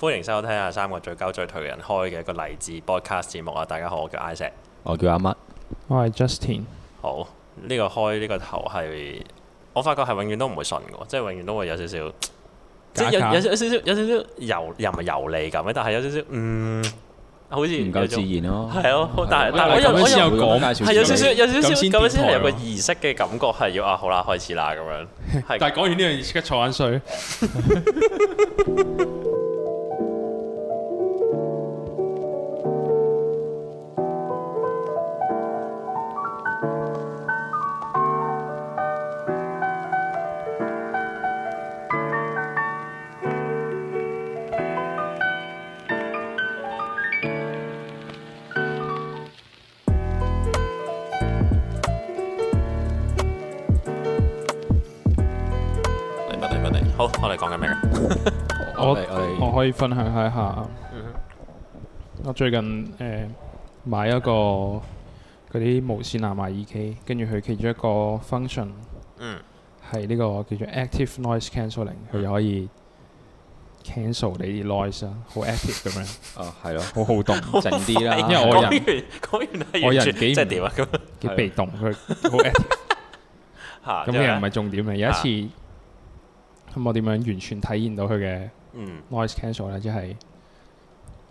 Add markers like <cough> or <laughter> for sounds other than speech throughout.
歡迎收聽下三個最高最頹嘅人開嘅一個勵志 podcast 節目啊！大家好，我叫 Isaac，我叫阿乜，我係 Justin。好，呢個開呢個頭係我發覺係永遠都唔會順嘅，即係永遠都會有少少，即係有有有少少有少少油又唔係油膩咁嘅，但係有少少嗯，好似唔夠自然咯。係咯，但係但係我又我又講係有少少有少少咁先先係有個儀式嘅感覺，係要啊好啦，開始啦咁樣。但係講完呢樣儀式，切坐眼水。可以分享下一下，我最近誒、呃、買一個嗰啲無線藍牙耳機，跟住佢其中一個 function，係呢個叫做 active noise cancelling 佢可以 cancel 你啲 noise 啊，好 active 咁樣。啊，係咯，好好動，靜啲啦。因為我人，完完我人幾唔即係咁幾被動，佢好 active、 <laughs> 啊。嚇、就是，咁又唔係重點啦。有一次。咁我點樣完全體驗到佢嘅 noise cancel 咧？即係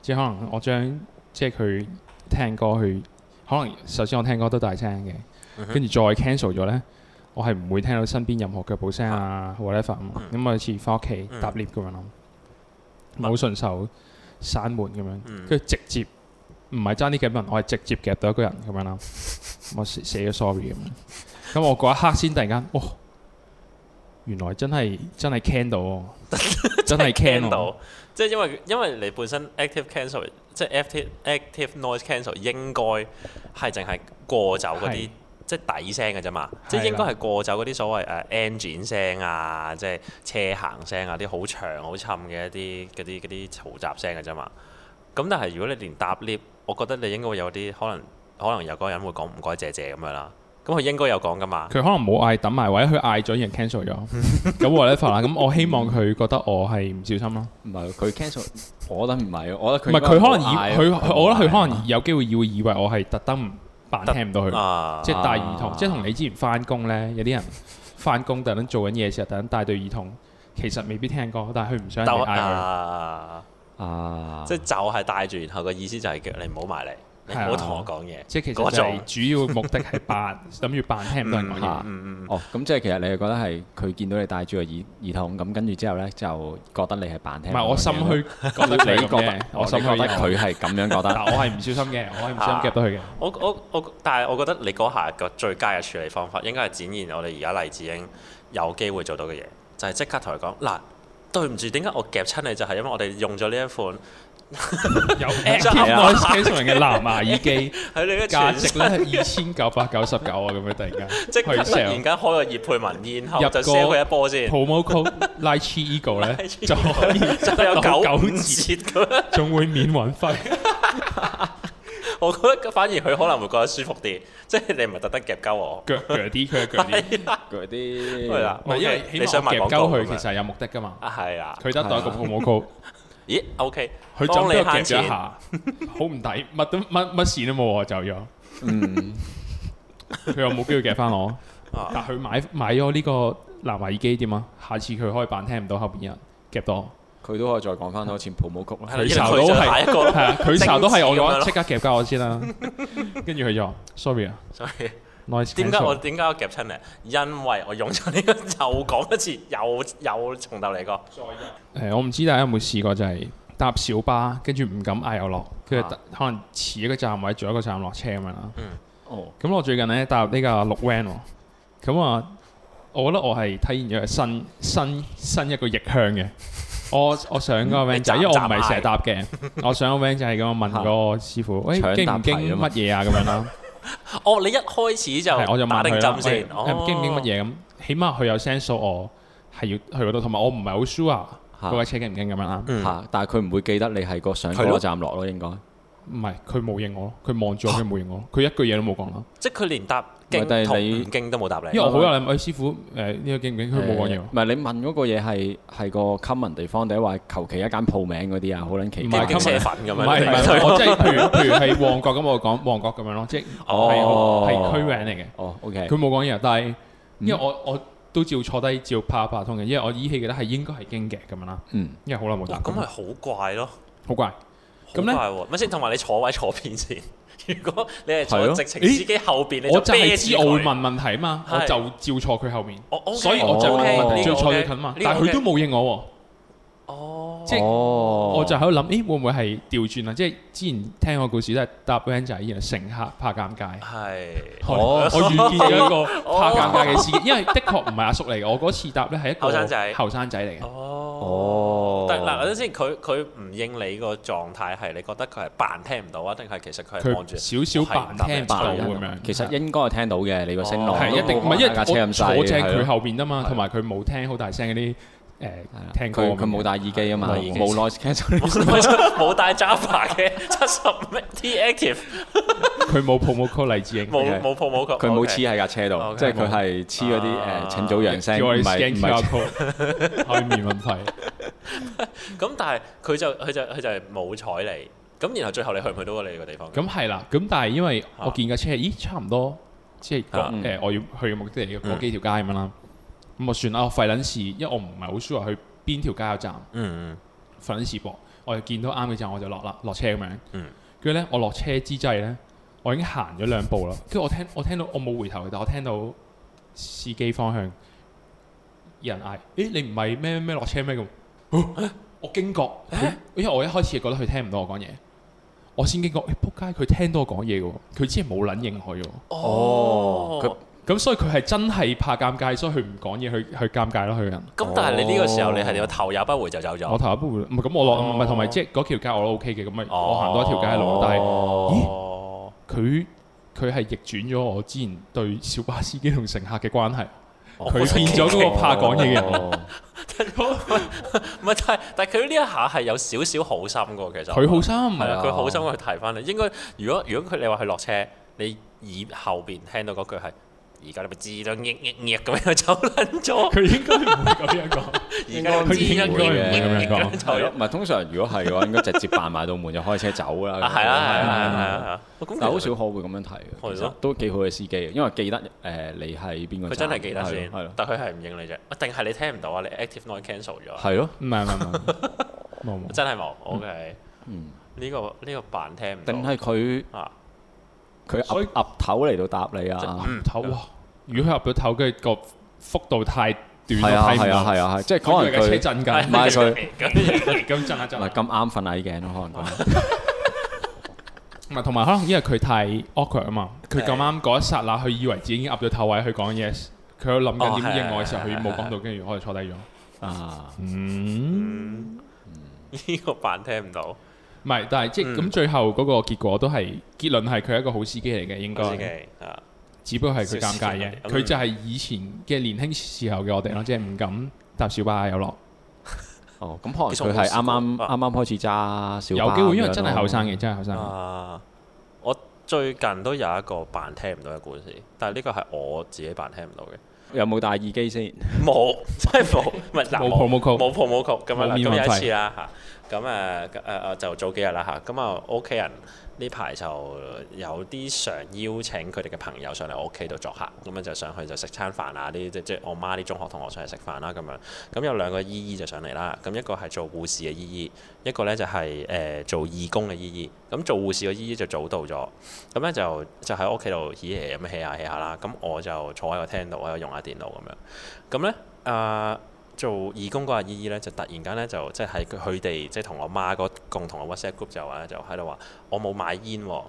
即係可能我將即係佢聽歌去，可能首先我聽歌都大聲嘅，跟住、uh huh. 再 cancel 咗咧，我係唔會聽到身邊任何腳步聲啊，whatever 咁我似翻屋企搭 lift 咁樣咯，好順手閂門咁樣，跟住、uh huh. 直接唔係爭啲夾個我係直接夾到一個人咁樣啦，我寫咗 sorry 咁樣，咁、uh huh. 我嗰 <laughs> 一刻先突然間，哦原來真係真係 cancel 到真係 cancel 到即係因為因為你本身 active cancel，即係 active active noise cancel 應該係淨係過走嗰啲是即係底聲嘅啫嘛，的即係應該係過走嗰啲所謂誒、uh, engine 聲啊，即係車行聲啊，啲好長好沉嘅一啲嗰啲啲嘈雜聲嘅啫嘛。咁但係如果你連搭 lift，我覺得你應該會有啲可能可能有嗰個人會講唔該謝謝咁樣啦。咁佢應該有講㗎嘛？佢可能冇嗌等埋或者佢嗌咗人 cancel 咗。咁我咧發啦，咁我希望佢覺得我係唔小心咯。唔係佢 cancel，我覺得唔係，我覺得佢唔係佢可能以佢，我覺得佢可能有機會會以為我係特登扮聽唔到佢，即係帶耳筒，即係同你之前返工咧，有啲人返工特登做緊嘢嘅時候，特登間帶對耳筒，其實未必聽歌，但係佢唔想嗌佢啊！即係就係戴住，然後個意思就係叫你唔好埋嚟。係唔好同我講嘢。即係其實係主要目的係扮，諗住扮聽唔到嚇。哦，咁即係其實你係覺得係佢見到你戴住個耳耳筒，咁跟住之後咧就覺得你係扮聽唔到。我心虛，覺得，覺得 <laughs> 你覺得你我心虛，得佢係咁樣覺得。 <laughs> 但我係唔小心嘅，我係唔小心夾到佢嘅、啊嗯。我我我，但係我覺得你嗰下個最佳嘅處理方法，應該係展現我哋而家勵志鷹有機會做到嘅嘢，就係、是、即刻同佢講，嗱、啊，對唔住，點解我夾親你？就係、是、因為我哋用咗呢一款。又唔係聽愛聽上人嘅藍牙耳機，喺你嘅價值咧係二千九百九十九啊！咁樣突然間，即係突然間開個葉佩文，然後入個 promo code laichieagle 咧，就可以仲有九五折咁樣，仲會免運費。我覺得反而佢可能會覺得舒服啲，即係你唔係特登夾鳩我，夾啲佢係夾啲，夾啲係啦，唔係因為起碼夾鳩佢其實係有目的噶嘛，啊係啊，佢得到一個 promo code。咦？O K，佢將你夾咗一下，好唔抵，乜都乜乜事都冇喎，就咗。嗯，佢又冇機會夾翻我。但佢買買咗呢個藍牙耳機點啊？下次佢開板聽唔到後邊人夾到，佢都可以再講翻多次泡沫曲。佢查都係，係啊，佢都係我嘅，即刻夾翻我先啦。跟住佢就，sorry 啊，sorry。點解 <noise> 我點解我夾親咧？因為我用咗呢、這個，又講一次，又又從頭嚟過。再誒、欸，我唔知大家有冇試過、就是，就係搭小巴，跟住唔敢嗌有落，跟住、啊、可能遲一個站位，早一個站落車咁樣啦、嗯。哦。咁我最近咧搭呢個綠 van，咁啊，我覺得我係體驗咗新新新一個逆向嘅。我我上個 van 就係因為我唔係成日搭嘅， <laughs> 我上個 van 就係咁，我問嗰個師傅喂經唔經乜嘢啊咁樣啦。 <laughs> <laughs> 哦，你一開始就我就打定針先，驚唔唔驚乜嘢咁？起碼佢有聲說，我係要去嗰度，同埋我唔係好 sure 佢架車驚唔驚咁樣啦。吓、啊，但係佢唔會記得你係個上個站落咯，應該唔係，佢冇應我咯，佢望住我，佢冇應我，佢、啊、一句嘢都冇講咯，嗯、即係佢連搭。但係你唔經都冇答你。因為我好有你，哎，師傅，誒呢個經唔經？佢冇講嘢。唔係你問嗰個嘢係係個 common 地方定係話求其一間鋪名嗰啲啊？好撚奇怪嘅車粉咁樣。唔係唔係，我即係譬如譬如係旺角咁，我講旺角咁樣咯，即係係係區名嚟嘅。哦，OK。佢冇講嘢，但係因為我我都照坐低，照拍下拍通嘅，因為我依稀記得係應該係經嘅咁樣啦。嗯。因為好耐冇答。嗱，咁係好怪咯，好怪。咁咧？咪先？同埋你坐位坐邊先？ <laughs> 如果你係坐直情、啊，自己後邊你我真係知我會問問題啊嘛，啊我就照坐佢後面，oh, okay, 所以我就問問,問題，最坐佢近嘛，okay, 但係佢都冇應我喎、啊。哦即係，我就喺度諗，咦會唔會係調轉啊？即係之前聽個故事都係搭 van 仔，乘客怕尷尬。係，我遇見咗一個怕尷尬嘅事件，因為的確唔係阿叔嚟嘅。我嗰次搭咧係一個後生仔，後生仔嚟嘅。哦，得嗱，等先，佢佢唔應你個狀態係，你覺得佢係扮聽唔到啊？定係其實佢望住少少扮聽唔到咁樣？其實應該係聽到嘅，你個聲浪都好大，架車咁細嘅，坐正佢後邊吖嘛，同埋佢冇聽好大聲嗰啲。誒，聽佢佢冇戴耳機啊嘛，冇 noise cancelling，冇戴 Java 嘅七十 T Active，佢冇 PoMo Call 勵志鷹，冇冇 PoMo Call 佢冇黐喺架車度，即係佢係黐嗰啲誒請早揚聲，唔係唔係開面問題。咁但係佢就佢就佢就係冇睬你。咁然後最後你去唔去到你個地方？咁係啦，咁但係因為我見架車，咦差唔多，即係誒我要去嘅目的地要過幾條街咁樣啦。咁啊算啦，我費撚事，因為我唔係好 sure 去邊條加油站。嗯嗯，費撚事噃，我係見到啱嘅站我就落啦，落車咁樣。嗯，跟住咧，我落車之際咧，我已經行咗兩步啦。跟住我聽，我聽到我冇回頭，但我聽到司機方向有人嗌，誒、欸、你唔係咩咩落車咩咁、啊？我驚覺，因為我一開始覺得佢聽唔到我講嘢，我先驚覺，誒、欸、仆街佢聽到我講嘢嘅喎，佢之前冇撚應佢喎。哦。哦。咁、嗯、所以佢係真係怕尷尬，所以佢唔講嘢去去尷尬咯，佢個人。咁但係你呢個時候，哦、你係你個頭也不回就走咗。我頭也不回，唔係咁我落唔係同埋即係嗰條街我都 OK 嘅，咁咪我行多一條街路。哦、但係，咦？佢佢係逆轉咗我之前對小巴司機同乘客嘅關係，佢、哦、變咗嗰個怕講嘢嘅人。唔係、哦， <laughs> 但係但係佢呢一下係有少少好心嘅，其實。佢對的好心唔佢好心去提翻你。應該如果如果佢你話佢落車，你耳後邊聽到嗰句係。而家你咪自動夾夾夾咁樣走撚咗？佢應該唔會咁樣講，應該唔會咁樣講。唔係通常如果係嘅話，應該直接扮埋到門就開車走啦。係啊係啊係啊係啊！但好少可會咁樣提嘅，其實都幾好嘅司機，因為記得誒你係邊個。佢真係記得先，但佢係唔應你啫。定係你聽唔到啊？你 active noise cancel 咗。係咯。唔係唔係唔係，真係冇。O K，嗯，呢個呢個扮聽唔到。定係佢佢岌岌頭嚟到答你啊！頭哇，如果佢岌到頭，跟住個幅度太短，睇唔到。係啊係啊係啊係，即係可能佢唔係佢咁震下唔係咁啱瞓啊！依件可能。唔係同埋可能因為佢太 awkward 啊嘛，佢咁啱嗰一剎那，佢以為自己已經岌到頭位，佢講 yes，佢諗緊點應我嘅時候，佢冇講到，跟住我哋坐低咗。啊嗯，呢個版聽唔到。唔係，但係即係咁，最後嗰個結果都係結論係佢係一個好司機嚟嘅，應該啊，只不過係佢尷尬嘅，佢就係以前嘅年輕時候嘅我哋咯，即係唔敢搭小巴有落。哦，咁可能佢係啱啱啱啱開始揸小巴。有機會，因為真係後生嘅，真係後生。啊！我最近都有一個扮聽唔到嘅故事。但係呢個係我自己扮聽唔到嘅，有冇戴耳機先？冇， <laughs> 真係冇，唔冇冇曲咁樣，咁又一次啦嚇，咁誒誒就早幾日啦嚇，咁啊屋企人呢排就有啲常邀請佢哋嘅朋友上嚟我屋企度作客，咁啊就上去就食餐飯啊啲即即我媽啲中學同學上嚟食飯啦咁樣，咁有兩個姨姨就上嚟啦，咁一個係做護士嘅姨姨，一個咧就係、是、誒、呃、做義工嘅姨姨，咁做護士嘅姨姨就早到咗，咁咧就就喺屋企度起咁 hea 係啦，咁我就坐喺個廳度，我又用下電腦咁樣。咁咧，啊、呃、做義工嗰個阿姨咧姨，就突然間咧就即係佢哋即係同我媽個共同嘅 WhatsApp group 就話咧，就喺度話我冇買煙喎、哦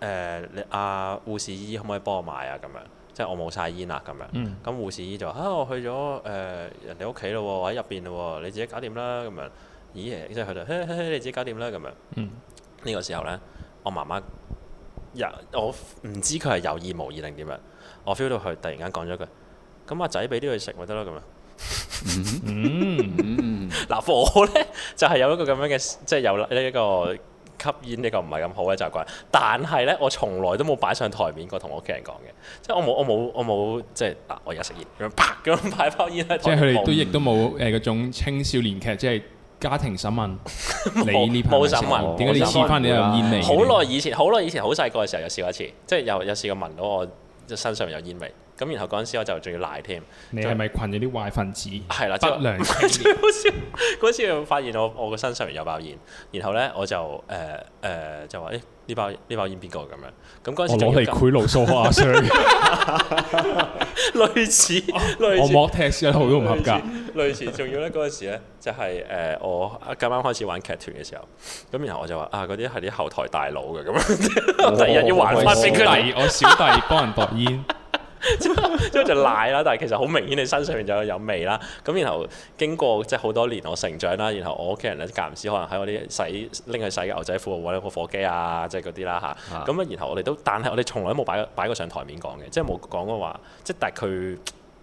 呃。你阿護、啊、士姨姨可唔可以幫我買啊？咁樣，即係我冇晒煙啦、啊。咁樣，咁護、嗯、士姨就嚇、啊、我去咗誒、呃、人哋屋企咯喎，我喺入邊咯喎，你自己搞掂啦。咁樣，咦？即係佢就嘿嘿嘿你自己搞掂啦。咁樣，呢、嗯、個時候咧，我媽媽。我唔知佢係有意無意定點樣，樣，我 feel 到佢突然間講咗句：咁阿仔俾啲佢食咪得咯，咁樣。嗱、嗯， <laughs> 我咧就係、是、有一個咁樣嘅，即係有呢一個吸煙呢個唔係咁好嘅習慣，但係咧我從來都冇擺上台面過同我屋企人講嘅，即係我冇我冇我冇即係嗱，我而家食煙咁樣啪咁擺包煙喺台面。即係佢哋都亦、嗯、都冇誒嗰種青少年劇，即係。家庭審問，冇 <laughs> 審問，點解你試翻你有煙味？好耐以前，好耐以前，好細個嘅時候有試過一次，即係有有試過聞到我身上有煙味。咁然後嗰陣時我就仲要賴添，你係咪困咗啲壞分子？係啦，不良嘅。唔係最好笑，嗰次發現我我個身上面有包煙，然後咧我就誒誒就話誒呢包呢包煙邊個咁樣？咁嗰陣時我攞嚟賄賂掃啊，類似類似。我摸 test 一套都唔合格。類似，仲要咧嗰陣時咧就係誒我啱啱開始玩劇團嘅時候，咁然後我就話啊嗰啲係啲後台大佬嘅咁樣，第日要還翻先得。我小弟幫人度煙。即係 <laughs> 就賴啦，但係其實好明顯你身上面就有，有味啦。咁然後經過即係好多年我成長啦，然後我屋企人咧間唔時可能喺我啲洗拎去洗嘅牛仔褲或者個火機啊，即係嗰啲啦吓，咁咧然後我哋都，但係我哋從來冇擺擺過上台面講嘅，即係冇講過話。即係但係佢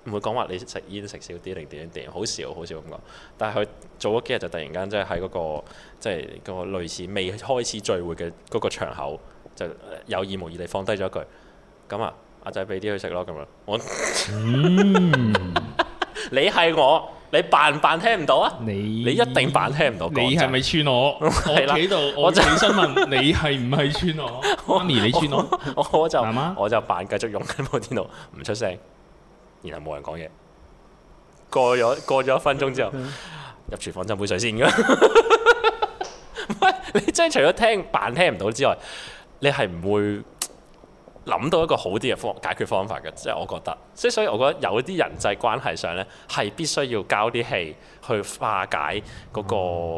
唔會講話你食煙食少啲定點點，好少好少咁講。但係佢早嗰幾日就突然間即係喺嗰個即係、就是、個類似未開始聚會嘅嗰個場口，就有意無意地放低咗一句咁啊。阿仔俾啲佢食咯，咁樣我,、嗯、 <laughs> 我，你係我，你扮扮聽唔到啊？你你一定扮聽唔到。你係咪串我？我喺度，我,我,我就起身問你係唔係串我？媽咪你串我，我就 <laughs> 我就扮繼續用緊部電腦，唔出聲，然後冇人講嘢。過咗過咗一分鐘之後，入廚 <laughs> 房斟杯水先噶。 <laughs> 唔係，你真係除咗聽扮聽唔到之外，你係唔會。諗到一個好啲嘅方解決方法嘅，即係我覺得，即係所以，我覺得有啲人際關係上咧，係必須要交啲氣去化解嗰個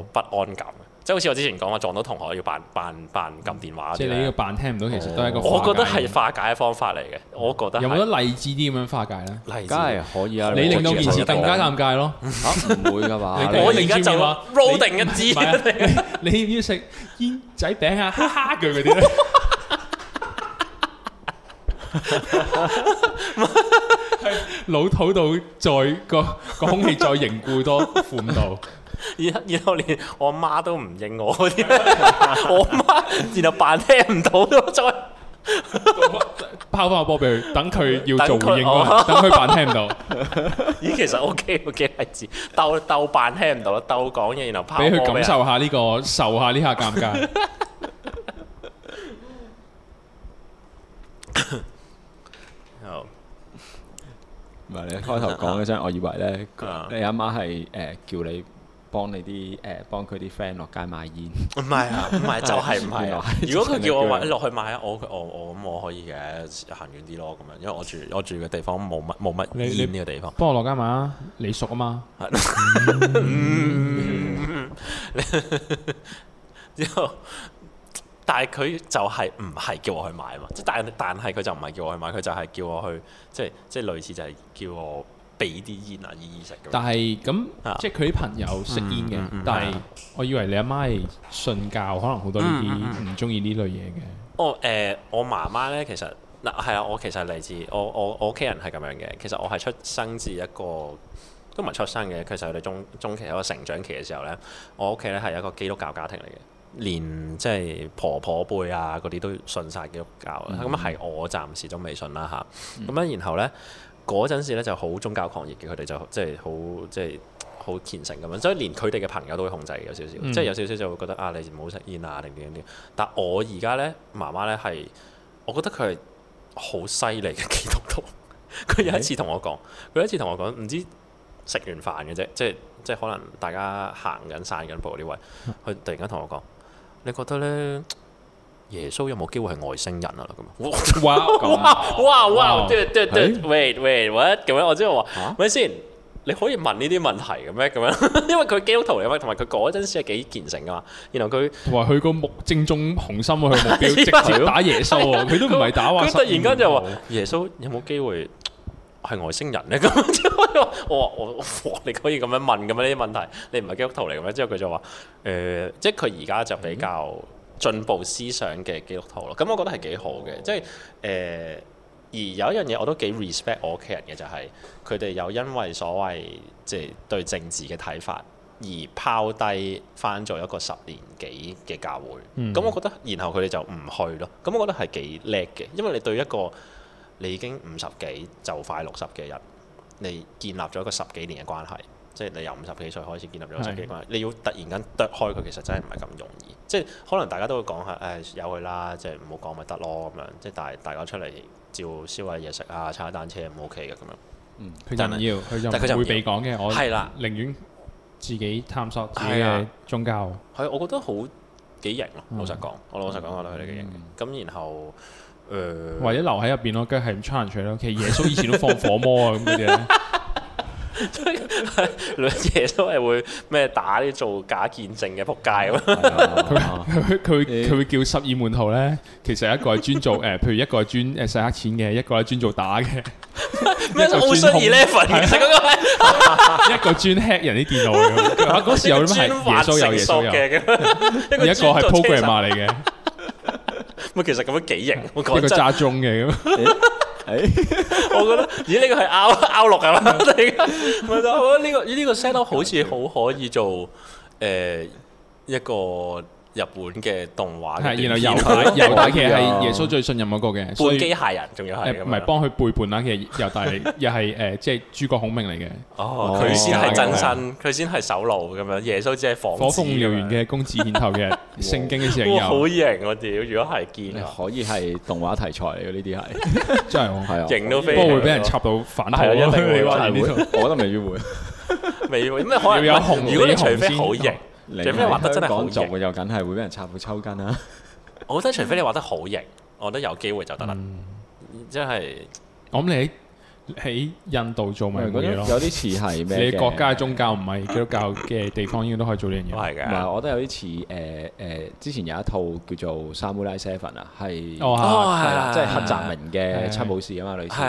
不安感，即係好似我之前講我撞到同學要扮扮扮撳電話，即係你要扮聽唔到，其實都係個，我覺得係化解嘅方法嚟嘅，我覺得有冇啲勵志啲咁樣化解咧？勵志梗係可以啊，你令到件事更加尷尬咯，唔會㗎嘛？我而家就話 rolling 嘅字，你要唔要食煙仔餅啊？哈哈句嗰啲咧。 <laughs> 老土到再個個空氣再凝固多負五度， <laughs> <laughs> 然然後連我媽都唔應我，啲，我媽然後扮聽唔到咯，再拋翻個波俾佢，等佢要做回應，等佢扮聽唔到。咦， <laughs> 其實 O K，幾勵志，鬥鬥扮聽唔到咯，鬥講嘢，然後拋俾佢感受下呢、這個，受下呢下尷尬。 <laughs> 唔係你開頭講嗰陣，我以為咧， <laughs> 你阿媽係誒叫你幫你啲誒幫佢啲 friend 落街買煙。唔係啊，唔係就係唔係啊。如果佢叫我落去買啊，我我我咁我可以嘅，行遠啲咯咁樣，因為我住我住嘅地方冇乜冇乜煙呢個地方。幫我落街買啊，你熟啊嘛。係。之後。但係佢就係唔係叫我去買嘛？即係但但係佢就唔係叫我去買，佢就係叫我去，即係即係類似就係叫我俾啲煙移移樣啊煙食。但係咁，即係佢啲朋友食煙嘅。嗯嗯、但係我以為你阿媽係信教，可能好多啲唔中意呢類嘢嘅。我誒、嗯嗯嗯嗯哦呃、我媽媽咧，其實嗱係啊，啊，我其實嚟自我我我屋企人係咁樣嘅。其實我係出生自一個都唔係出生嘅。其實我哋中中期有個成長期嘅時候咧，我屋企咧係一個基督教家庭嚟嘅。連即係婆婆輩啊嗰啲都信晒基督教，咁啊係我暫時都未信啦嚇。咁咧、嗯、然後咧，嗰陣時咧就好宗教狂熱嘅，佢哋就即係好即係好虔誠咁樣，所以連佢哋嘅朋友都會控制有少少，嗯、即係有少少就會覺得，啊你唔好食煙啊定點樣。但我而家咧媽媽咧係，我覺得佢係好犀利嘅基督徒。佢有一次同我講，佢是有一次同我講，唔知食完飯嘅啫，即係即係可能大家行緊散緊步呢位，佢突然間同我講。嗯你覺得咧耶穌有冇機會係外星人啊？咁哇哇哇哇！喂！喂！咁樣我即係話，喂先、啊，你可以問呢啲問題咁咩？咁樣，因為佢基督徒嚟，同埋佢嗰陣時係幾虔誠噶嘛。然後佢話佢個目正中紅心，佢目標哈哈直接打耶穌，佢都唔係打話，佢突然間就話耶穌有冇機會？係外星人咧咁，之 <laughs> 後我話我你可以咁樣問咁樣呢啲問題，你唔係基督徒嚟嘅咩？之後佢就話誒，呃嗯、即係佢而家就比較進步思想嘅基督徒咯。咁我覺得係幾好嘅，即係誒。而有一樣嘢我都幾 respect 我屋企人嘅，就係佢哋有因為所謂即係、就是、對政治嘅睇法而拋低翻做一個十年幾嘅教會。咁、嗯、我覺得，然後佢哋就唔去咯。咁我覺得係幾叻嘅，因為你對一個。你已經五十幾就快六十嘅人。你建立咗一個十幾年嘅關係，即係你由五十幾歲開始建立咗十幾關係，是的 你要突然間剁開佢，其實真係唔係咁容易。即係可能大家都會講下，誒有佢啦，即係唔好講咪得咯咁樣。即係大大家出嚟照燒下嘢食啊，踩下單車唔 OK 嘅咁樣。嗯，佢就要，佢的就但係佢就會避講嘅。我係啦，寧願自己探索自己嘅宗教。係，我覺得好幾型啊，老實講、嗯，我老實講我覺得佢幾型。咁然後。或者留喺入邊咯，跟住係咁 challenge 佢咯。其實耶穌以前都放火魔啊，咁嗰啲咧。所以耶穌係會咩打啲做假見證嘅仆街咁。佢佢佢會叫十二門徒咧。其實一個係專做誒，譬如一個係專誒洗黑錢嘅，一個係專做打嘅。咩奧數二 level 嘅？一個專 hack 人啲電腦時有咩耶穌有耶穌有嘅？一個係 programmer 嚟嘅。咪其實咁樣幾型，我覺得個揸中嘅咁， <laughs> <laughs> 我覺得咦呢個係 out out 落係嗎？真係，咪就我覺得呢、呢個呢、呢個 set 好似好可以做誒、 <laughs> 呃、一個。日本嘅動畫嘅，然後猶大，猶大其實係耶穌最信任一個嘅，所以機械人仲要係唔係幫佢背叛啦，其實猶大又係誒，即係諸葛孔明嚟嘅，哦，佢先係真身，佢先係守路咁樣，耶穌只係仿。火鳳燎原嘅公子獻頭嘅聖經嘅時候，好型喎！屌，如果係見可以係動畫題材嘅呢啲係，真係係啊，型都，不過會俾人插到反派一定會，我覺得未必會，未必會，咩可能有紅，如果你除非好型。你非你畫得真係講做嘅，又梗係會俾人插背抽筋啦。我覺得除非你畫得好型，我覺得有機會就得啦。即係，咁你喺印度做咪可有啲詞係咩？你國家宗教唔係基督教嘅地方，應該都可以做呢樣嘢。我係唔係，我覺得有啲詞，誒誒，之前有一套叫做《Samurai Seven》啊，係，哦係，即係黑澤明嘅《七武士》啊嘛，類似。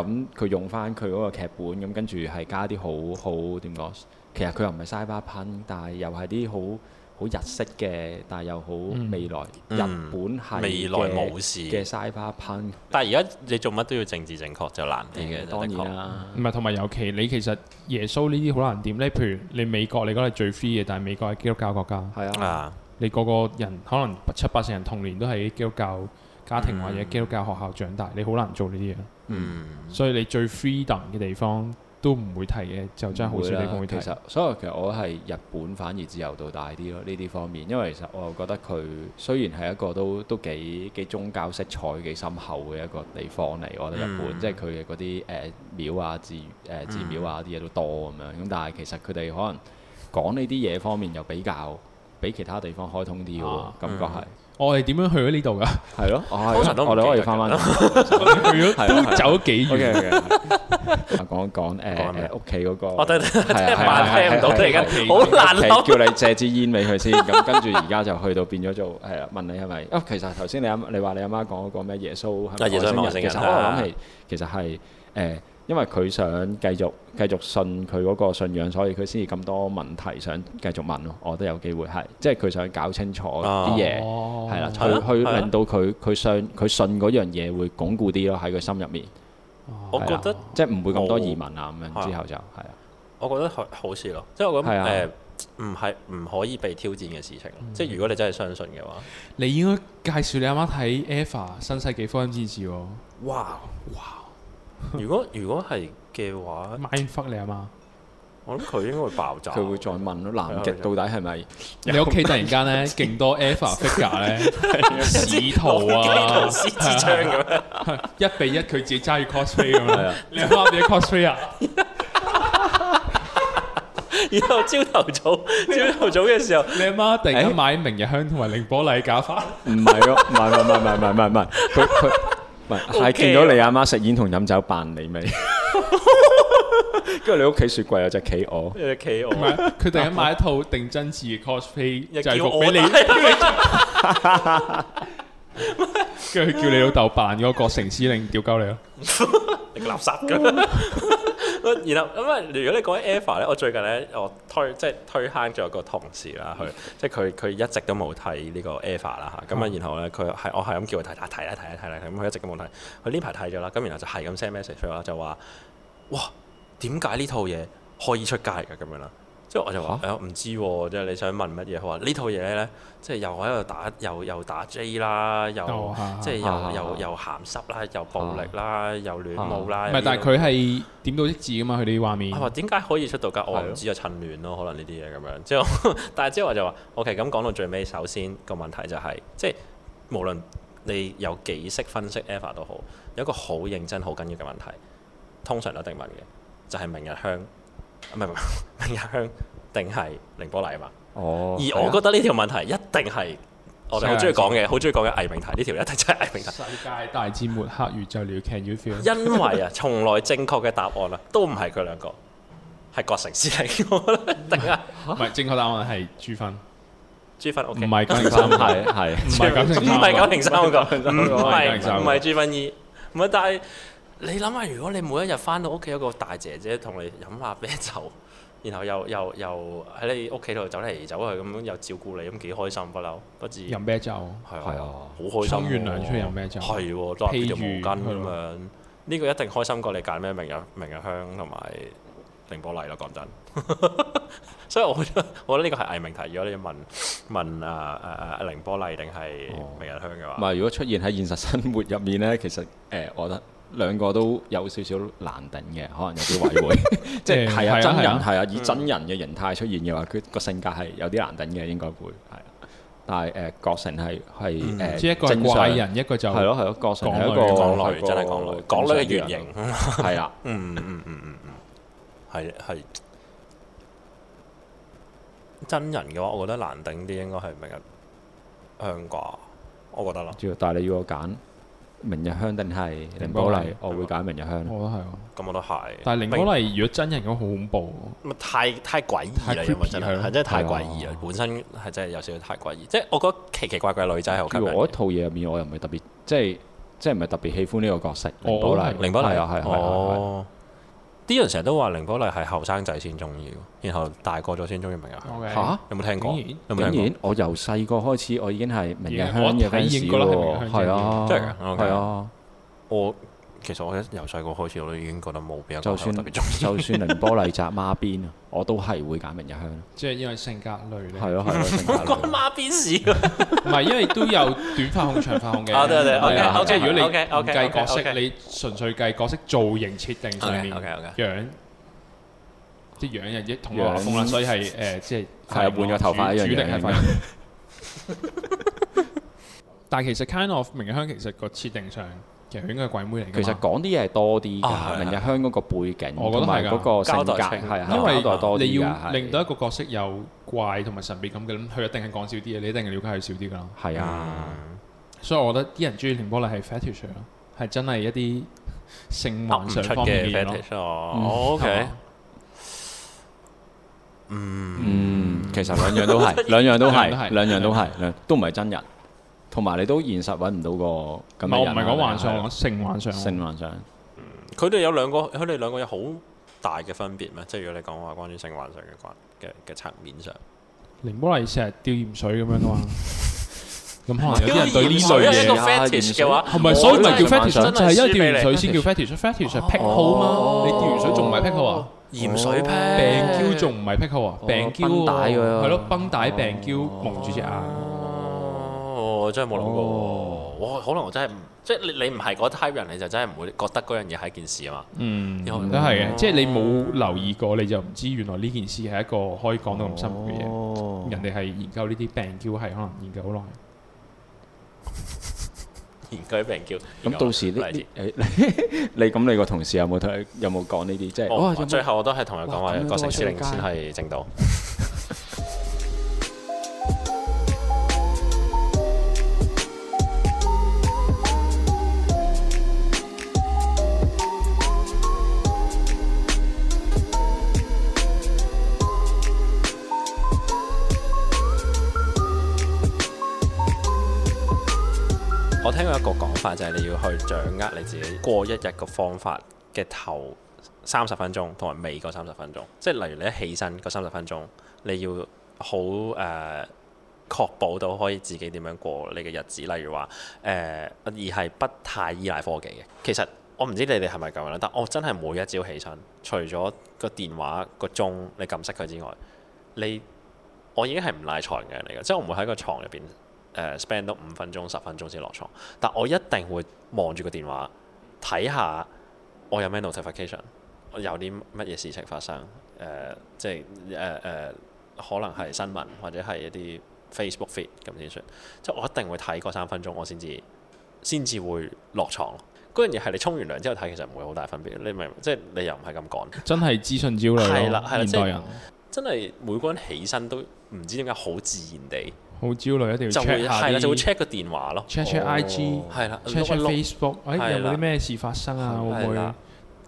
咁佢用翻佢嗰個劇本，咁跟住係加啲好好點講？其實佢又唔係西巴噴，但係又係啲好好日式嘅，但係又好未來、嗯、日本係未來嘅西巴噴。但係而家你做乜都要政治正確就難啲嘅，嗯、當然啦、啊。唔係同埋尤其你其實耶穌呢啲好難掂咧。譬如你美國你覺得係最 free 嘅，但係美國係基督教國家。係啊，你個個人可能七八成人童年都喺基督教家庭、嗯、或者基督教學校長大，你好難做呢啲嘢。嗯，所以你最 freedom 嘅地方。都唔會提嘅，就真係好少其實，所以其實我係日本反而自由度大啲咯，呢啲方面，因為其實我又覺得佢雖然係一個都都幾幾宗教色彩幾深厚嘅一個地方嚟，我覺得日本、嗯、即係佢嘅嗰啲誒廟啊、寺誒寺廟啊啲嘢都多咁樣，咁、嗯、但係其實佢哋可能講呢啲嘢方面又比較比其他地方開通啲嘅、啊、感覺係。嗯我係點樣去咗呢度噶？係咯，我我哋可以翻翻，去咗都走咗幾遠。講講誒，屋企嗰個，我聽唔到，而家好難咯。叫你借支煙俾佢先，咁跟住而家就去到變咗做係啦。問你係咪？啊，其實頭先你阿你話你阿媽講嗰個咩耶穌係？耶穌望星星啊！其實我諗係，其實係誒。因為佢想繼續繼續信佢嗰個信仰，所以佢先至咁多問題想繼續問咯。我覺得有機會係，即係佢想搞清楚啲嘢，係啦，去令到佢佢信佢信嗰樣嘢會鞏固啲咯，喺佢心入面。我覺得即係唔會咁多疑問啊，咁樣之後就係啊。我覺得好好事咯，即係我覺得唔係唔可以被挑戰嘅事情。即係如果你真係相信嘅話，你應該介紹你阿媽睇 Eva 新世紀福音戰士喎。哇哇！如果如果係嘅話，mind fuck 你啊嘛，我諗佢應該會爆炸，佢會再問南極到底係咪你屋企突然間咧，勁多 Alpha Figure 咧，使徒啊，獅子槍咁樣，一比一佢自己揸住 cosplay 咁樣，你阿媽俾 cosplay 啊，然後朝頭早，朝頭早嘅時候，你阿媽突然間買明日香同埋綾波麗假髮，唔係咯，唔係唔係唔係唔係唔係，佢佢。唔係，係 Okay 見到你阿媽食煙同飲酒扮你未？跟 <laughs> 住你屋企雪櫃有隻企鵝，一隻企鵝。佢 <laughs> 突然間買一套定真字嘅 cosplay 制服俾你，跟住佢叫你老豆扮嗰個城市令屌鳩你啊！你個 <laughs> <laughs> 垃圾噶～ <laughs> <laughs> 然後咁啊！如果你講起 EVA 咧，我最近咧我推即係推慳咗個同事啦，佢即係佢佢一直都冇睇、e、呢個 EVA 啦嚇。咁啊，然後咧佢係我係咁叫佢睇，睇睇啦，睇啦，睇啦，咁佢一直都冇睇。佢呢排睇咗啦，咁然後就係咁 send message 啦，就話哇，點解呢套嘢可以出街㗎咁樣啦？即係我就話，誒、哎、唔知喎、喔，即係你想問乜嘢？佢話呢套嘢咧，即係又喺度打，又又打 J 啦，又即係又又又鹹濕啦，又暴力啦，啊、又亂舞啦。唔係、啊，但係佢係點到即止噶嘛？佢啲畫面。我話點解可以出到㗎？我唔知啊，趁亂咯，可能呢啲嘢咁樣。之後，但係之後我就話，OK，咁講到最尾，首先個問題就係、是，即係無論你有幾識分析 Eva 都好，有一個好認真、好緊要嘅問題，通常都一定問嘅，就係、是、明日香。唔係唔係，明日香定係寧波麗嘛？哦。而我覺得呢條問題一定係我哋好中意講嘅，好中意講嘅偽命題，呢條一定就係偽命題。世界大至末刻宇宙了，Can you feel？因為啊，從來正確嘅答案啊，都唔係佢兩個，係各城市係。突然間，唔係，正確答案係朱芬，朱芬 OK。唔係九零三，係係唔係九零三？唔係九零三嗰個，唔係唔係朱芬二，唔係但係。你諗下，如果你每一日翻到屋企有個大姐姐同你飲下啤酒，然後又又又喺你屋企度走嚟走去咁樣，又照顧你咁幾開心不嬲，不知飲啤酒係啊，好開心，生完兩出飲啤酒係喎，譬如毛巾咁、啊、樣，呢、這個一定開心過你揀咩明日明日香同埋凌波麗咯，講真， <laughs> 所以我覺得我覺得呢個係偽命題。如果你問問啊啊阿凌波麗定係明日香嘅話，唔係、哦、如果出現喺現實生活入面咧，其實誒、呃，我覺得。兩個都有少少難頂嘅，可能有啲委屈，即係係啊真人係啊以真人嘅形態出現嘅話，佢個性格係有啲難頂嘅，應該會係。但係誒郭城係係誒，一個怪人，一個就係咯係咯，郭城係一個港女，真係港女，港女嘅原型係啊，嗯嗯嗯嗯嗯，係係真人嘅話，我覺得難頂啲應該係咪啊？向啩，我覺得咯。主要但係你要我揀。明日香定係凌波麗，我會揀明日香。我都係，咁我都係。但係凌波麗如果真人講，好恐怖，太太詭異啦！因為真係，係真係太詭異啦。本身係真係有少少太詭異，即係我覺得奇奇怪怪嘅女仔好吸引。而我一套嘢入面，我又唔係特別，即係即係唔係特別喜歡呢個角色凌波麗。凌波麗又係哦。啲人成日都話綾波麗係後生仔先中意，然後大個咗先中意明日香？嚇，Okay. 有冇聽過？竟然，然我由細個開始，我已經係明日香嘅 fans 係啊，我。其實我由細個開始，我都已經覺得冇必，就算就算綾波麗紮孖辮啊我都係會揀明日香，即係因為性格類，係咯係咯，關孖辮唔係因為都有短髮控長髮控嘅，即係如果你計角色你純粹計角色造型設定上面 ok ok 樣，即係樣日亦同樣啦，所以係誒即係係啊換咗頭髮一樣但係其實 kind of 明日香其實個設定上其實應該係鬼妹嚟噶。其實講啲嘢係多啲嘅，明日香嗰個背景同埋嗰個性格係交代多啲噶。因為你要令到一個角色有怪同埋神秘感嘅，咁佢一定係講少啲嘢，你一定係了解佢少啲噶。係啊，所以我覺得啲人中意綾波麗係 fetish 咯，係真係一啲性畫唔出嘅 fetish 咯。OK，嗯，其實兩樣都係，兩樣都係，兩樣都係，都唔係真人。同埋你都現實揾唔到個咁嘅人啊！唔係我唔係講幻想，講性幻想。性幻想，佢哋有兩個，佢哋兩個有好大嘅分別咩？即係如果你講話關於性幻想嘅關嘅嘅層面上，你唔好話意思係吊鹽水咁樣嘅嘛？咁可能有啲人對啲水嘢嘅話，係咪所以咪叫 fetish？就係一吊鹽水先叫 fetish？fetish 癖好嘛？你吊鹽水仲唔係癖好啊？鹽水劈，病嬌仲唔係癖好啊？病嬌繃帶佢啊，係咯，繃帶病嬌蒙住隻眼。哦，真係冇諗過。我可能我真係唔，即係你你唔係嗰 type 人，你就真係唔會覺得嗰樣嘢係一件事啊嘛。嗯，都係嘅，即係你冇留意過，你就唔知原來呢件事係一個可以講到咁深入嘅嘢。人哋係研究呢啲病嬌，係可能研究好耐。研究病嬌。咁到時你咁你個同事有冇睇有冇講呢啲？即係我最後我都係同佢講話，個成師兄先係正到。去掌握你自己過一日嘅方法嘅頭三十分鐘同埋尾嗰三十分鐘，即係例如你一起身嗰三十分鐘，你要好誒確保到可以自己點樣過你嘅日子。例如話誒、呃，而係不太依賴科技嘅。其實我唔知你哋係咪咁樣啦，但我真係每一朝起身，除咗個電話個鐘，你撳熄佢之外，你我已經係唔賴床嘅人嚟嘅，即係我唔會喺個床入邊。誒，spend 多五分鐘、十分鐘先落床。但我一定會望住個電話，睇下我有咩 notification，我有啲乜嘢事情發生。誒、呃，即係誒誒，可能係新聞或者係一啲 Facebook feed 咁先算。即係我一定會睇個三分鐘我，我先至先至會落床。嗰樣嘢係你沖完涼之後睇，其實唔會好大分別。你明唔明？即係你又唔係咁講，真係資訊焦慮咯。係啦、係啦，現代人，即係，真係每個人起身都唔知點解好自然地。好焦慮，一定要 check 係啦，就會 check 個電話咯，check check I G 係啦，check check Facebook，哎有冇啲咩事發生啊？會唔會？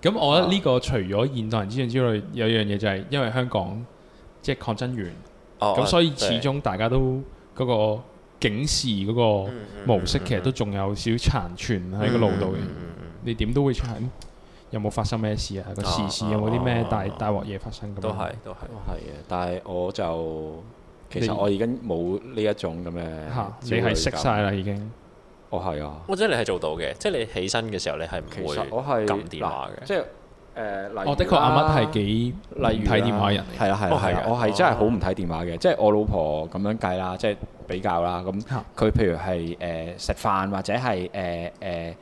咁我覺得呢個除咗現代人之類之外，有一樣嘢就係因為香港即係抗爭完，咁所以始終大家都嗰個警示嗰個模式其實都仲有少少殘存喺個路度嘅。你點都會 check 有冇發生咩事啊？個時事有冇啲咩大大鑊嘢發生咁都係都係都係嘅，但係我就。你其實我已經冇呢一種咁嘅，你係識晒啦已經。我係啊，或者你係做到嘅，即係你起身嘅時候，你係唔會我係撳電話嘅。即係誒，例如我，的確阿乜係幾例如睇電話人，係啊係啊，我係真係好唔睇電話嘅。即係我老婆咁樣計啦，即係比較啦。咁佢譬如係誒食飯或者係誒誒。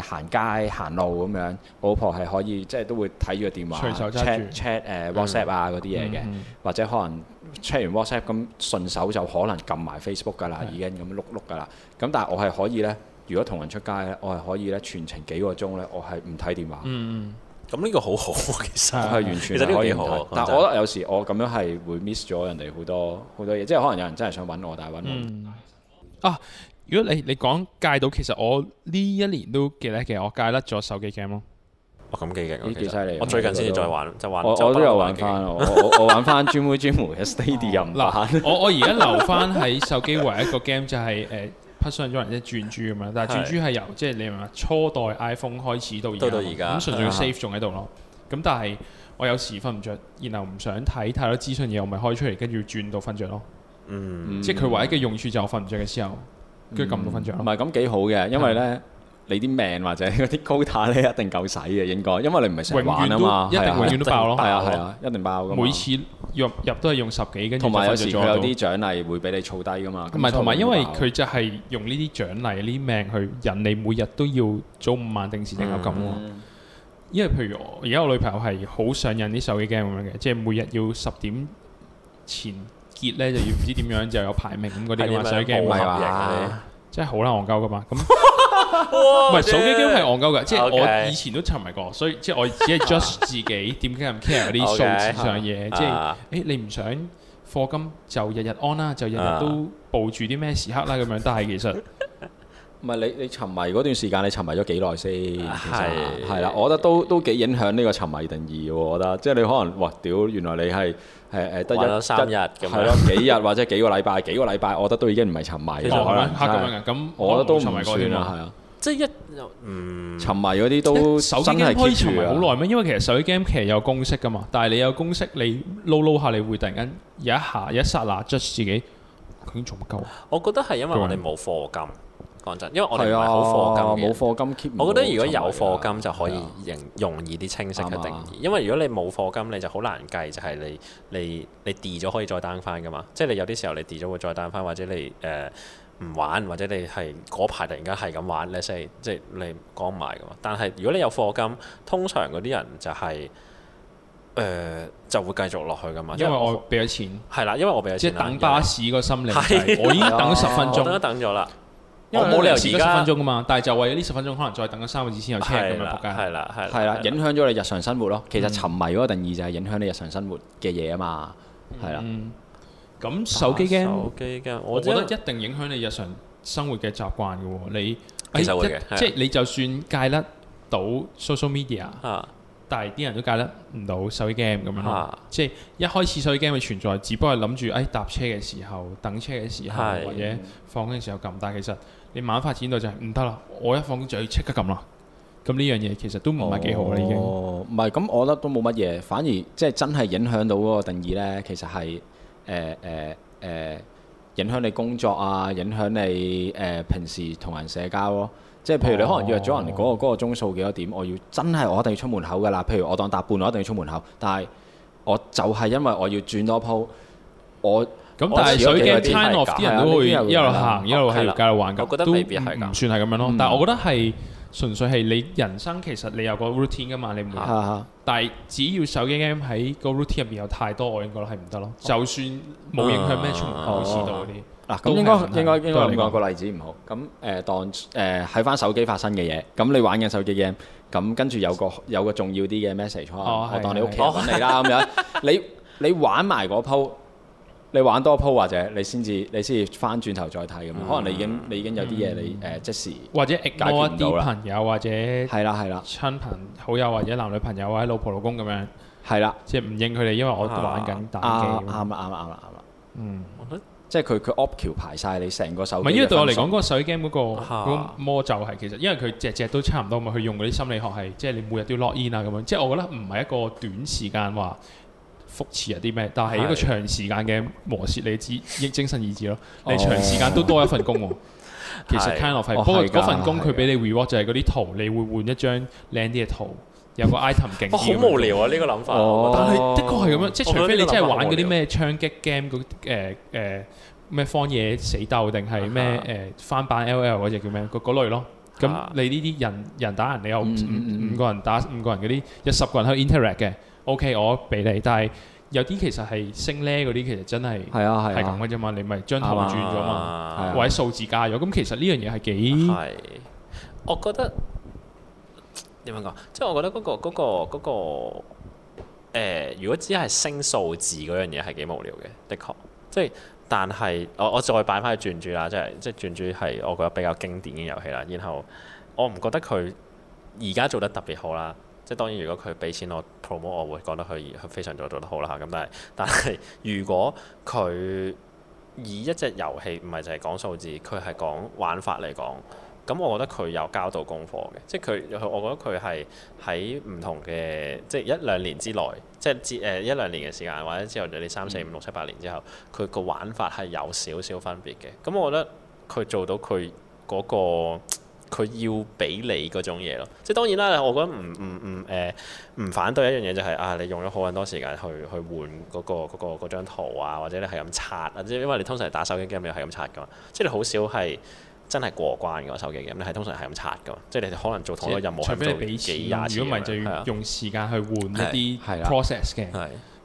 誒行、呃、街行路咁樣，老婆係可以即係都會睇住個電話，check check 誒 WhatsApp 啊嗰啲嘢嘅，嗯嗯，或者可能 check 完 WhatsApp 咁順手就可能撳埋 Facebook 㗎啦，的已經咁碌碌㗎啦。咁但係我係可以咧，如果同人出街咧，我係可以咧全程幾個鐘咧，我係唔睇電話。嗯，咁呢個好好，其實係完全可以好。但係我覺得有時我咁樣係會 miss 咗人哋好多好多嘢，即係可能有人真係想揾我，但係揾唔到啊！如果你你講戒到，其實我呢一年都幾得嘅，我戒甩咗手機 game 咯。哇，咁幾勁！幾犀利！我最近先至再玩，就玩，就都有玩翻。我玩翻 g r a m o r m 嘅 Stadium 任版。我我而家留翻喺手機唯一個 game 就係誒 pushing 人即係轉珠咁樣。但係轉珠係由即係你明嘛？初代 iPhone 開始到而家，到而家咁，純粹個 save 仲喺度咯。咁但係我有時瞓唔着，然後唔想睇太多資訊嘢，我咪開出嚟跟住轉到瞓着咯。即係佢唯一嘅用處就係我瞓唔着嘅時候。跟住撳到分獎、嗯。唔係咁幾好嘅，因為咧是的 你啲命或者嗰啲高塔咧，一定夠使嘅應該，因為你唔係成日玩啊嘛，一定永遠都爆咯，係啊係啊，一定爆。每次入入都係用十幾，跟住同埋有時佢有啲獎勵會俾你儲低噶嘛。唔係同埋因為佢就係用呢啲獎勵、呢啲命去引你每日都要早五晚定時定額撳喎。嗯、因為譬如我而家我女朋友係好上癮啲手機 game 咁樣嘅，即係每日要十點前。咧就要唔知點樣，就有排名咁嗰啲嘛，所以 game 唔合適即係好啦，戇鳩噶嘛。咁唔係手機 game 係戇鳩㗎，即係我以前都沉迷過，所以即係我只係 just 自己點解咁 care 啲數字上嘢。即係誒，你唔想課金就日日安啦，就日日都佈住啲咩時刻啦咁樣。但係其實唔係，你你沉迷嗰段時間，你沉迷咗幾耐先？其實係啦，我覺得都都幾影響呢個沉迷定義喎。我覺得即係你可能哇屌，原來你係。誒誒，得咗三日，係咯，幾日或者幾個禮拜，幾個禮拜，我覺得都已經唔係沉迷。其實係啦，嚇咁樣嘅，咁我覺得都唔算啦，係啊。即係一嗯，沉迷嗰啲都手機 game 可以沉迷好耐咩？因為其實手機 game 其實有公式㗎嘛。但係你有公式，你撈撈下，你會突然間有一下一剎那將自己已經做唔夠。我覺得係因為我哋冇課金。講真，因為我哋唔係好課金嘅，冇課金 keep 唔到我,我覺得如果有課金就可以、嗯、容易啲清晰嘅定義，對吧 因為如果你冇課金，你就好難計就。就係你你你跌咗可以再 down 翻噶嘛，即係你有啲時候你跌咗會再 down 翻，或者你誒唔、呃、玩，或者你係嗰排突然間係咁玩，你即係你講埋噶嘛。但係如果你有課金，通常嗰啲人就係、是、誒、呃、就會繼續落去噶嘛。因為我俾咗錢，係啦，因為我俾咗錢，即係等巴士個心理，的 <laughs> 我已經等咗十分鐘， <laughs> 等咗啦。我冇理由遲咗十分鐘啊嘛，但係就為咗呢十分鐘，可能再等咗三個字先有車咁樣仆街。係啦，係啦，係啦，影響咗你日常生活咯。其實沉迷嗰個定義就係影響你日常生活嘅嘢啊嘛，係啦。咁手機 game，手機 game，我覺得一定影響你日常生活嘅習慣㗎喎。你戒手，即係你就算戒得到 social media 但係啲人都戒得唔到手機 game 咁樣咯。即係一開始手機 game 嘅存在，只不過係諗住誒搭車嘅時候、等車嘅時候或者放工嘅時候撳，但係其實。你猛發展到就係唔得啦，我一放工就要即刻撳啦。咁呢樣嘢其實都唔係幾好啦、啊。哦、已經唔係咁，我覺得都冇乜嘢，反而即係真係影響到嗰個定義呢，其實係誒誒影響你工作啊，影響你誒、呃、平時同人社交咯、啊。即、就、係、是、譬如你可能約咗人嗰、那個嗰、那個鐘數幾多點，我要真係我一定要出門口㗎啦。譬如我當搭半，我一定要出門口。但係我就係因為我要轉多鋪，我。咁但係手機 game time 咯，啲人都會一路行一路喺度繼續玩，咁都唔算係咁樣咯。但係我覺得係純粹係你人生其實你有個 routine 噶嘛，你冇。但係只要手機 game 喺個 routine 入邊有太多，我應該係唔得咯。就算冇影響咩出唔到嗰啲。嗱，咁應該應該應該咁講個例子唔好？咁誒當誒喺返手機發生嘅嘢，咁你玩緊手機 game，咁跟住有個有個重要啲嘅 message，我當你屋企揾你啦咁樣。你你玩埋嗰鋪。你玩多鋪或者你先至你先至翻轉頭再睇，咁可能你已經你已經有啲嘢你、誒、呃、即時了了或者 ignore 啲朋友，或者係啦係啦親朋好友或者男女朋友或者老婆老公咁樣係啦，即係唔應佢哋，因為我玩緊打機。啱啱啱啦啱啦嗯，我覺得即係佢佢 op 橋排晒你成個手。因為對我嚟講，嗰個手機 game 嗰個魔咒係其實因為佢隻隻都差唔多嘛，佢用嗰啲心理學係，即係你每日都要 log in 啊咁樣。即係我覺得唔係一個短時間話。復刺啊啲咩？但係一個長時間嘅磨蝕你知，抑精神意志咯。你長時間都多一份工喎。其實 kind of，不過嗰份工佢俾你 reward 就係嗰啲圖，你會換一張靚啲嘅圖，有個 item 勁。哇！好無聊啊呢個諗法。但係的確係咁樣，即係除非你真係玩嗰啲咩槍擊 game 嗰誒咩荒野死鬥定係咩誒翻版 LoL 嗰隻叫咩？嗰類咯。咁你呢啲人人打人，你有五五個人打五個人嗰啲，有十個人喺度 interact 嘅。O.K. 我俾你，但係有啲其實係升咧嗰啲，其實真係係啊係係咁嘅啫嘛，啊、你咪將頭轉咗嘛，啊啊、或者數字加咗。咁其實呢樣嘢係幾？係，我覺得點樣講？即係我覺得嗰個、嗰個、嗰個、呃、如果只係升數字嗰樣嘢係幾無聊嘅，的確。即係，但係我我再擺翻去轉珠啦，即係即係轉珠係我覺得比較經典嘅遊戲啦。然後我唔覺得佢而家做得特別好啦。即係當然，如果佢俾錢我 promote 我會覺得佢佢非常做做得好啦嚇。咁但係，但係如果佢以一隻遊戲唔係淨係講數字，佢係講玩法嚟講，咁我覺得佢有交到功課嘅。即係佢，我覺得佢係喺唔同嘅，即係一兩年之內，即係接誒一兩年嘅時間，或者之後就你三四五六七八年之後，佢個、嗯、玩法係有少少分別嘅。咁我覺得佢做到佢嗰、那個。佢要俾你嗰種嘢咯，即係當然啦。我覺得唔唔唔誒唔反對一樣嘢就係、是、啊，你用咗好揾多時間去去換嗰、嗰個嗰、嗰個張圖啊，或者你係咁刷，或者因為你通常打手機 game 你係咁刷噶嘛，即係你好少係真係過關嗰手機 game，你係通常係咁刷噶嘛，即係你可能做同一個任務喺度幾廿次。除非你俾錢，如果唔係就要用時間去換一啲 process 嘅。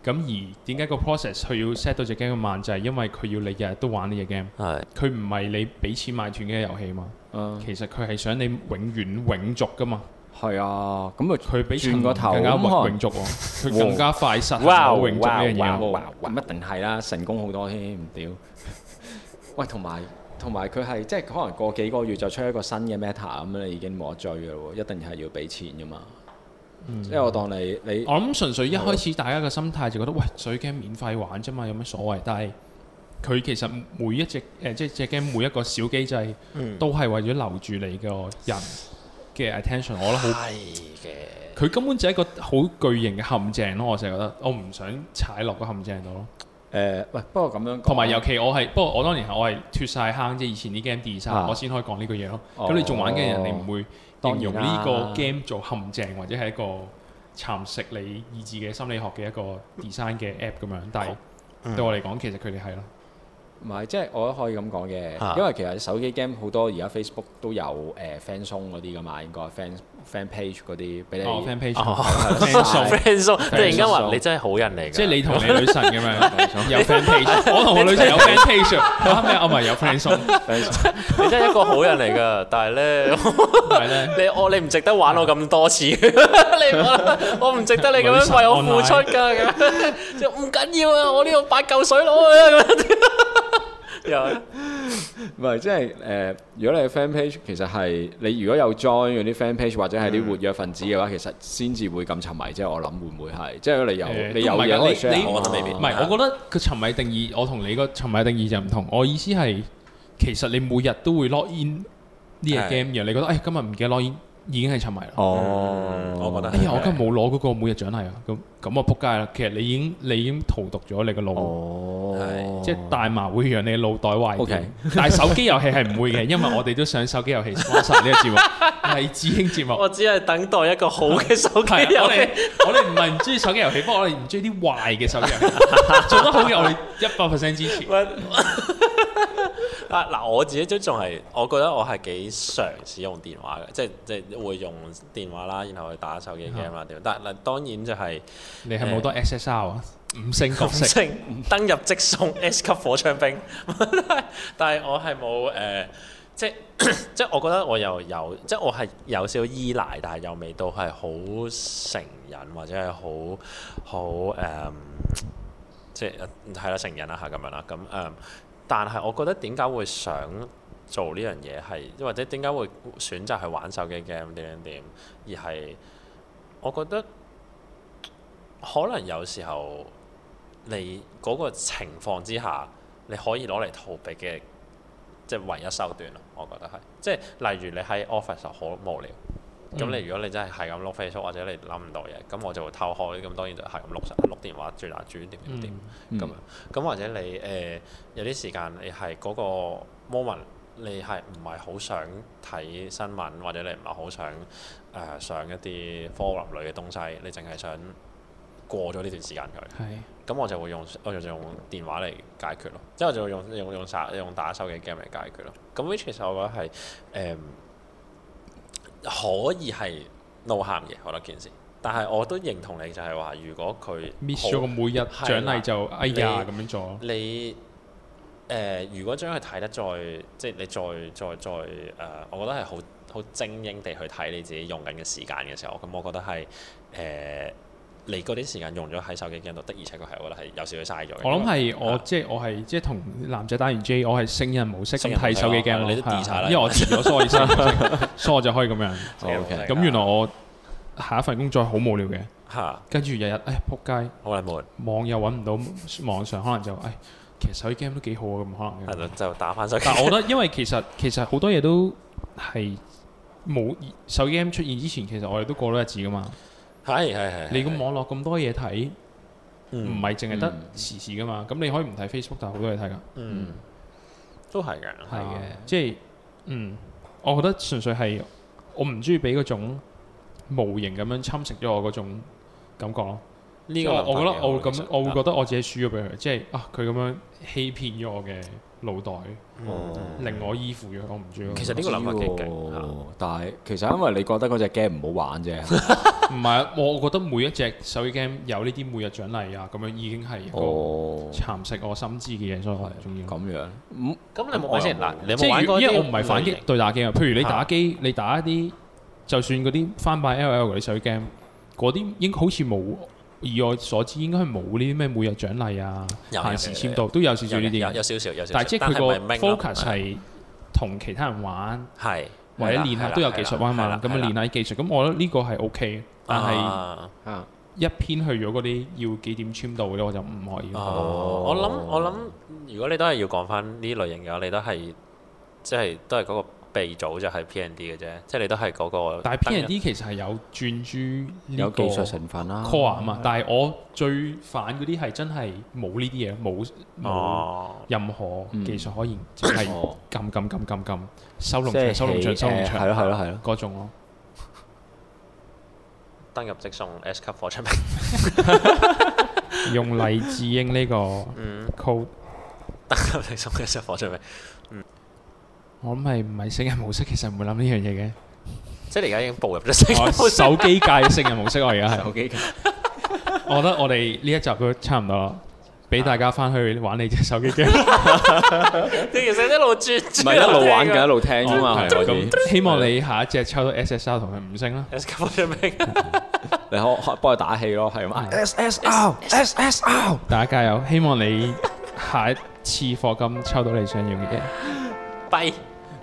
咁而點解個 process 佢要 set 到隻 game 咁慢就係、是、因為佢要你日日都玩呢隻 game，佢唔係你俾錢買斷嘅遊戲嘛。的其實佢係想你永遠永續噶嘛？係啊，咁佢比陳個頭更加永續喎，佢更加快殺我永續嘅人妖，唔一定係啦，成功好多添，唔屌！喂，同埋同埋佢係即係可能過幾個月就出一個新嘅 meta 咁，你已經冇得追噶咯，一定係要俾錢噶嘛。嗯，即係我當你你，我諗純粹一開始大家嘅心態就覺得喂，水 game 免費玩啫嘛，有咩所謂？但係。佢其實每一隻誒即係隻 game 每一個小機制，都係為咗留住你個人嘅 attention。我覺得好，佢根本就係一個好巨型嘅陷阱咯！我成日覺得，我唔想踩落個陷阱度咯。誒，喂，不過咁樣講，同埋尤其我係不過我當年我係脫晒坑，即係以前啲 game design，我先可以講呢句嘢咯。咁你仲玩嘅人，你唔會利用呢個 game 做陷阱，或者係一個蠶食你意志嘅心理學嘅一個 design 嘅 app 咁樣。但係對我嚟講，其實佢哋係咯。唔係，即係我都可以咁講嘅，因為其實手機 game 好多，而家 Facebook 都有誒 fansong 嗰啲噶嘛，應該 fans fan page 嗰啲俾你。哦 fan page，fansong。你突然間話你真係好人嚟嘅。即係你同你女神咁樣有 fans page 我同我女神有 fan page，咩唔係有 fansong。你真係一個好人嚟噶，但係咧，你我你唔值得玩我咁多次，你我唔值得你咁樣為我付出㗎。就唔緊要啊，我呢度八嚿水攞去啊唔係，即係誒？如果你嘅 fan page，其實係你如果有 join 嗰啲 fan page 或者係啲活躍分子嘅話，其實先至會咁沉迷。即係我諗會唔會係即係你有你有啲 share，我覺得裏面唔係。我覺得個沉迷定義，我同你個沉迷定義就唔同。我意思係其實你每日都會 lock in 呢隻 game，然後你覺得誒今日唔記得 lock in 已經係沉迷啦。哦，我覺得。哎呀，我今日冇攞嗰個每日獎勵啊！咁咁啊，仆街啦！其實你已經你已經荼毒咗你個腦。即係大麻會讓你腦袋壞嘅，但係手機遊戲係唔會嘅，因為我哋都想手機遊戲。呢個節目係智興節目，我只係等待一個好嘅手機遊戲。我哋唔係唔中意手機遊戲，不過我哋唔中意啲壞嘅手機遊戲。做得好嘅我哋一百 percent 支持。啊嗱，我自己都仲係，我覺得我係幾常使用電話嘅，即係即係會用電話啦，然後去打手機 game 啊，啲，但係嗱，當然就係你係冇多 SSR 啊。五星角色，星登入即送 S 級火槍兵。 <laughs> <laughs> 但係我係冇誒，即 <coughs> 即我覺得我又有，即我係有少少依賴，但係又未到係好成癮或者係好好誒，即係係啦成癮啦嚇咁樣啦。咁誒、呃，但係我覺得點解會想做呢樣嘢係，或者點解會選擇去玩手機 game 點點點，而係我覺得可能有時候。你嗰個情況之下，你可以攞嚟逃避嘅，即係唯一手段咯。我覺得係，即係例如你喺 office 就好無聊，咁你、嗯、如果你真係係咁碌 Facebook，或者你諗唔到嘢，咁我就會偷開。咁當然就係咁碌碌電話轉啊轉點點點咁樣。咁、嗯嗯、或者你誒、呃、有啲時間你係嗰個 moment，你係唔係好想睇新聞，或者你唔係好想誒、呃、上一啲 forum 類嘅東西，你淨係想。過咗呢段時間佢，咁我就會用，我就用電話嚟解決咯。之、就是、我就會用用用打用打手機 game 嚟解決咯。咁 which 其實我覺得係誒、嗯、可以係 no 喊嘅，no、you，我覺得件事。但係我都認同你就，就係話如果佢，miss 咗個每日獎勵就、啊、哎呀咁你樣做。你誒、呃，如果將佢睇得再，即係你再再再誒、呃，我覺得係好好精英地去睇你自己用緊嘅時間嘅時候，咁我覺得係誒。呃嚟嗰啲時間用咗喺手機 game 度，的而且確係我覺得係有時會嘥咗。我諗係我即係我係即係同男仔打完 J，我係聖人模式咁睇手機 game。你都二查啦，因為我辭咗，所以聖人模式所以我就可以咁樣。咁原來我下一份工作好無聊嘅，跟住日日誒撲街好嚟悶，網又揾唔到，網上可能就誒，其實手機 game 都幾好嘅，咁可能係就打翻手機。但係我覺得，因為其實其實好多嘢都係冇手機 game 出現之前，其實我哋都過咗日子㗎嘛。係係係，你個網絡咁多嘢睇，唔係淨係得時事噶嘛？咁、嗯、你可以唔睇 Facebook，但好多嘢睇噶。嗯，都係㗎。係嘅的，即係的嗯，我覺得純粹係我唔中意俾嗰種模型咁樣侵蝕咗我嗰種感覺。呢個我覺得我會咁，我會覺得我自己輸咗俾佢，即係啊佢咁樣欺騙咗我嘅腦袋，令我依附咗我唔知。其實呢個諗法幾勁，但係其實因為你覺得嗰隻 game 唔好玩啫。唔係，我覺得每一隻手機 game 有呢啲每日獎勵啊，咁樣已經係一個蠶食我心智嘅嘢，所以仲要。咁樣，咁咁你冇睇先嗱，你有玩嗰啲？因為我唔係反擊對打機啊，譬如你打機，你打一啲就算嗰啲翻版 L L 嗰啲手機 game，嗰啲已經好似冇。以我所知應該係冇呢啲咩每日獎勵啊，限時簽到都有少少呢啲嘅，有少少。有但係即係佢個 focus 係同其他人玩，係或者練下都有技術啊嘛。咁啊練下啲技術，咁我覺得呢個係 OK。但係一篇去咗嗰啲要幾點簽到咧，我就唔可以。我諗我諗，如果你都係要講翻呢類型嘅話，你都係即係都係嗰個。鼻組就係 PND 嘅啫，即係你都係嗰個。但係 PND 其實係有轉珠，有技術成分啦。Core 啊嘛，但係我最反嗰啲係真係冇呢啲嘢，冇冇任何技術可言，淨係撳撳撳撳撳收龍長、收龍長、收龍長，係咯係咯係咯嗰種咯。登入直送 S 卡火出名，用黎智英呢個 code 登入直送 S 卡火出名。我諗係唔係聖人模式，其實唔會諗呢樣嘢嘅。即係你而家已經步入咗成手機界嘅聖人模式，我而家係。手機界我覺得我哋呢一集都差唔多，俾大家翻去玩你隻手機機。你其實一路轉唔係一路玩嘅，一路聽㗎嘛。希望你下一隻抽到 SSR 同佢五星啦。你可可幫佢打氣咯，係嘛？SSR SSR 大家加油，希望你下一次課金抽到你想要嘅嘢。